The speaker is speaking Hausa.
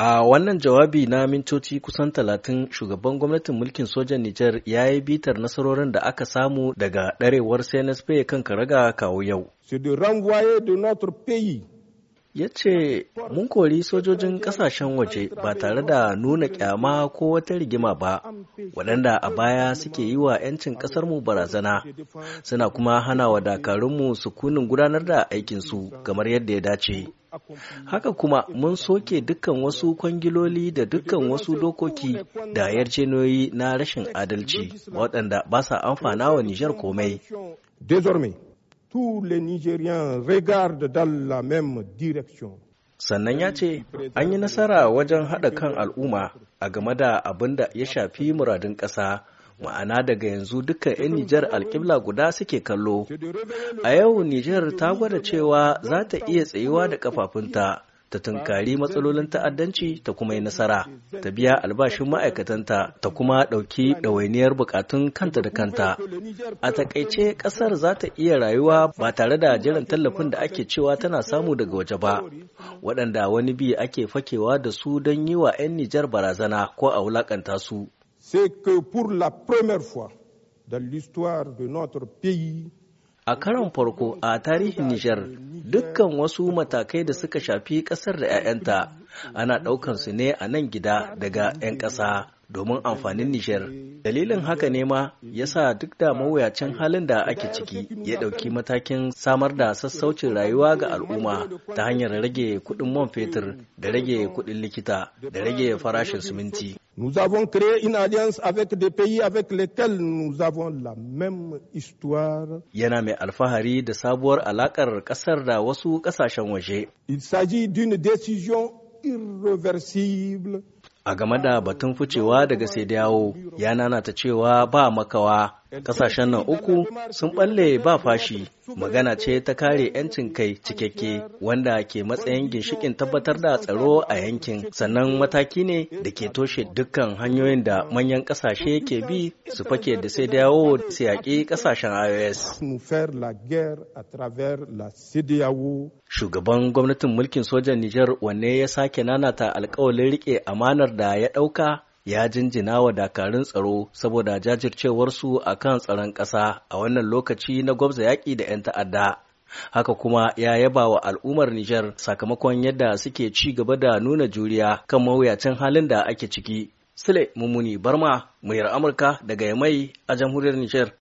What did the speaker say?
A wannan jawabi na mintoci kusan talatin shugaban gwamnatin mulkin sojan Nijar ya yi bitar nasarorin da aka samu daga ɗarewar CNSP kan karaga kawo yau. ya ce mun kori sojojin kasashen waje ba tare da nuna kyama ko wata rigima ba waɗanda a baya suke yi wa 'yancin ƙasarmu barazana suna kuma hana wa dakarunmu sukunin gudanar da aikinsu kamar yadda ya dace haka kuma mun soke dukkan wasu kwangiloli da dukkan wasu dokoki da yarjejeniyoyi na rashin adalci waɗanda ba sa amfana wa nijar komai Désormais, tous les Nigériens regardent dans la même direction. Sannan ya ce an yi nasara wajen haɗa kan al'umma a game da abin da ya shafi muradin ƙasa. ma'ana daga yanzu dukkan 'yan Nijar alƙibla guda suke kallo. A yau Nijar ta gwada cewa za ta iya tsayuwa da ƙafafunta. ta tunkari matsalolin ta'addanci ta kuma yi nasara ta biya albashin ma'aikatanta ta kuma ɗauki ɗawainiyar bukatun kanta da kanta a takaice ƙasar za ta iya rayuwa ba tare da jiran tallafin da ake cewa tana samu daga waje ba waɗanda wani bi ake fakewa da su don yi wa 'yan nijar barazana ko a wulakanta su C'est que de notre A karon farko a tarihin Nijar, dukkan wasu matakai da suka shafi ƙasar da 'ya'yanta ana ɗaukan su ne a nan gida daga 'yan ƙasa domin amfanin Nijar. Dalilin haka ne ma ya sa duk da mawuyacin halin da ake ciki ya ɗauki matakin samar da sassaucin rayuwa ga al'umma ta hanyar rage kuɗin man fetur da rage kuɗin likita da rage farashin siminti. Nous avons créé une alliance avec des pays avec lesquels nous avons la même histoire. Yana mai alfahari da sabuwar alakar kasar da wasu kasashen waje. Il s'agit d'une décision irreversible. A game da batun ficewa daga sai dawo, ya nanata cewa ba makawa Ƙasashen nan uku sun ɓalle ba fashi magana ce ta kare 'yancin kai cikakke wanda ke matsayin ginshikin tabbatar da tsaro a yankin sannan mataki ne da ke toshe dukkan hanyoyin da manyan ƙasashe ke bi su fake da sai dawo su yaƙi ƙasashen IOS. Shugaban gwamnatin mulkin sojan Niger wanne ya sake nanata alkawalin rike amanar da ya ɗauka ya jinjina wa dakarun tsaro saboda jajircewarsu a kan tsaron ƙasa a wannan lokaci na gwabza yaƙi da 'yan ta'adda. Haka kuma ya yaba wa al'ummar Nijar sakamakon yadda suke ci gaba da nuna juriya kan mawuyacin halin da ake ciki. Sule Mummuni Barma, Muyar Amurka daga Yamai a jamhuriyar Nijar.